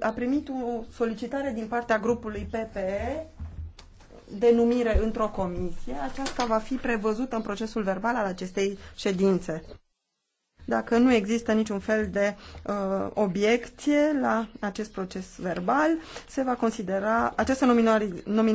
a primit o solicitare din partea grupului PPE de numire într-o comisie. Aceasta va fi prevăzută în procesul verbal al acestei ședințe. Dacă nu există niciun fel de uh, obiecție la acest proces verbal, se va considera această nominalizare